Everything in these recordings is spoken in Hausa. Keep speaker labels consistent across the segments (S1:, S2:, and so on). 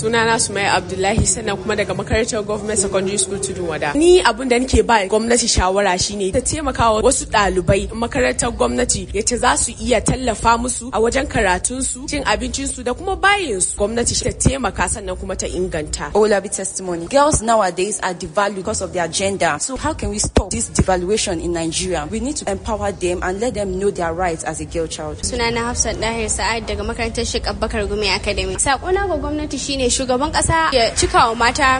S1: sunana sumaya abdullahi sannan kuma daga makarantar government secondary school tudu wada ni abun da nake ba gwamnati shawara shine ta taimakawa wasu ɗalibai makarantar gwamnati yace za su iya tallafa musu a wajen karatunsu cin abincinsu da kuma bayinsu gwamnati ta taimaka
S2: sannan kuma ta inganta olabi testimony girls nowadays are devalued because of their gender so how can we stop this devaluation in nigeria we need to empower them and let them know their rights as a girl child
S1: sunana hafsat dahir sa'ad daga makarantar sheik abubakar gumi academy sakona ga gwamnati shine ne shugaban kasa ya cika wa mata a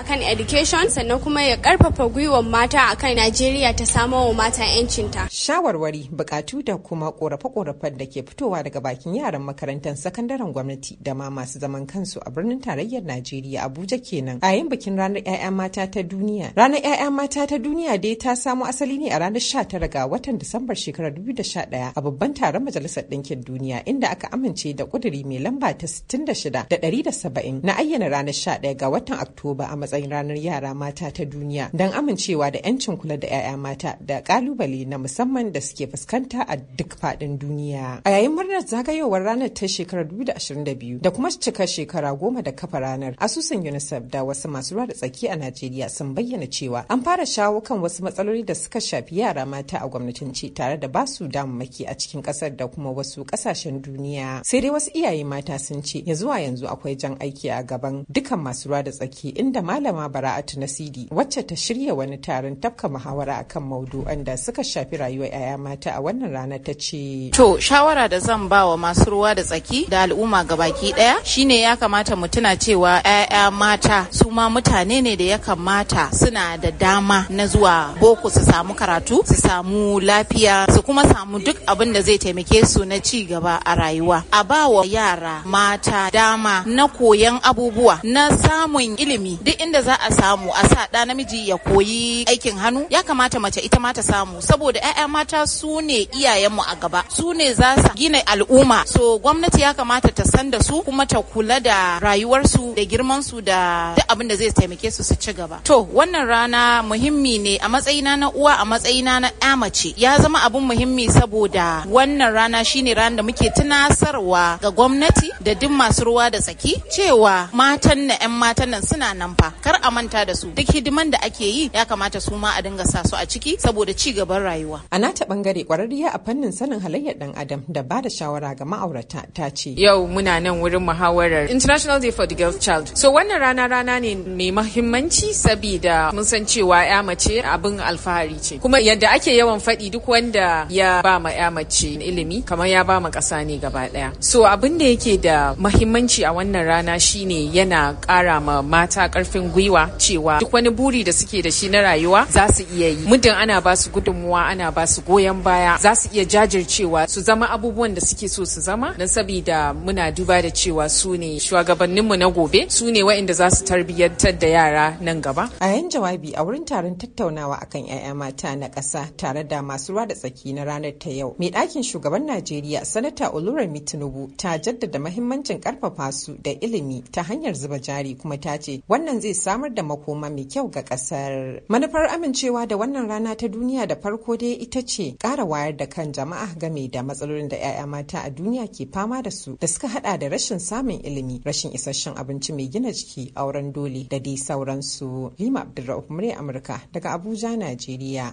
S1: akan education sannan kuma ya karfafa gwiwar
S3: mata akan Najeriya ta samo wa mata 'yancinta. Shawarwari, bukatu da kuma korafe-korafen da ke fitowa daga bakin yaran makarantar sakandaren gwamnati da ma masu zaman kansu a birnin tarayyar Najeriya Abuja kenan. A yin bikin ranar 'ya'ya mata ta duniya. Ranar 'ya'ya mata ta duniya dai ta samo asali ne a ranar 19 ga watan Disambar shekarar 2011 a babban taron Majalisar Ɗinkin Duniya inda aka amince da ƙuduri mai lamba ta 66 da 1970 na ayyana ranar 11 ga watan Oktoba a matsayin ranar yara mata ta duniya don amincewa da 'yancin kula da 'ya'ya mata da kalubale na musamman da suke fuskanta a duk faɗin duniya. A yayin murnar zagayowar ranar ta shekarar 2022 da kuma cika shekara goma da kafa ranar asusun UNICEF da wasu masu ruwa da tsaki a Najeriya sun bayyana cewa an fara shawo kan wasu matsaloli da suka shafi yara mata a gwamnatin ce tare da basu damammaki a cikin kasar da kuma wasu kasashen duniya. Sai dai wasu iyaye mata sun ce ya zuwa yanzu akwai jan aiki a gaban dukan masu ruwa da tsaki inda malama bara'atu nasidi wacce ta shirya wani taron tafka muhawara akan maudu da suka shafi rayuwar 'ya'ya mata a wannan rana ta ce
S2: to shawara da zan ba wa masu ruwa da tsaki da al'umma ga baki daya shine ya kamata mu tuna cewa 'ya'ya mata su ma mutane ne da ya kamata suna da dama na zuwa boko su samu karatu su samu lafiya su kuma samu duk abin da zai taimake su na ci gaba a rayuwa a ba wa yara mata dama na ku koyan abubuwa na samun ilimi duk inda za a samu a sa ɗa namiji ya koyi aikin hannu ya kamata mace ita ma ta samu saboda 'ya'ya mata su ne iyayenmu a gaba su ne za su gina al'umma so gwamnati ya kamata ta san da su kuma ta kula da rayuwarsu da girmansu da duk abin da zai taimake su su ci gaba to wannan rana muhimmi ne a matsayina na uwa a matsayina na 'ya mace ya zama abin muhimmi saboda wannan rana shine ranar da muke tunasarwa ga gwamnati da duk masu ruwa da tsaki cewa matan na 'yan matan nan suna nan fa kar a manta da su duk hidiman da ake yi ya kamata su ma
S3: a dinga sa su a ciki saboda ci gaban rayuwa a nata bangare kwararriya a fannin sanin halayyar dan adam da ba da shawara ga ma'aurata ta ce
S1: yau muna nan wurin muhawarar international day for the girl child so wannan rana rana ne mai mahimmanci saboda mun san cewa ya mace abin alfahari ce kuma yadda ake yawan faɗi duk wanda ya ba ma ya mace ilimi kamar ya ba ma ƙasa ne gaba ɗaya so abin da yake da mahimmanci a wannan rana na shine yana ƙara ma mata ƙarfin gwiwa cewa duk wani buri da suke da shi na rayuwa za su iya yi muddin ana ba su gudunmuwa ana ba su goyon baya za su iya jajircewa su zama abubuwan da suke so su zama don sabida muna duba da cewa su ne shugabanninmu na gobe su ne waɗanda za su
S3: tarbiyyantar da yara nan gaba a yan jawabi a wurin taron tattaunawa akan 'ya'ya mata na ƙasa tare da masu ruwa da tsaki na ranar ta yau mai ɗakin shugaban najeriya sanata olurami tinubu ta jaddada mahimmancin ƙarfafa su da ilimin ilimi ta hanyar zuba jari kuma ta ce wannan zai samar da makoma mai kyau ga kasar. Manufar amincewa da wannan rana ta duniya da farko dai ita ce ƙara wayar da kan jama'a game da matsalolin da 'ya'ya mata a duniya ke fama da su da suka hada da rashin samun ilimi, rashin isasshen abinci mai gina jiki, auren dole da dai sauransu. Lima Abdulrahman Amurka daga Abuja, Najeriya.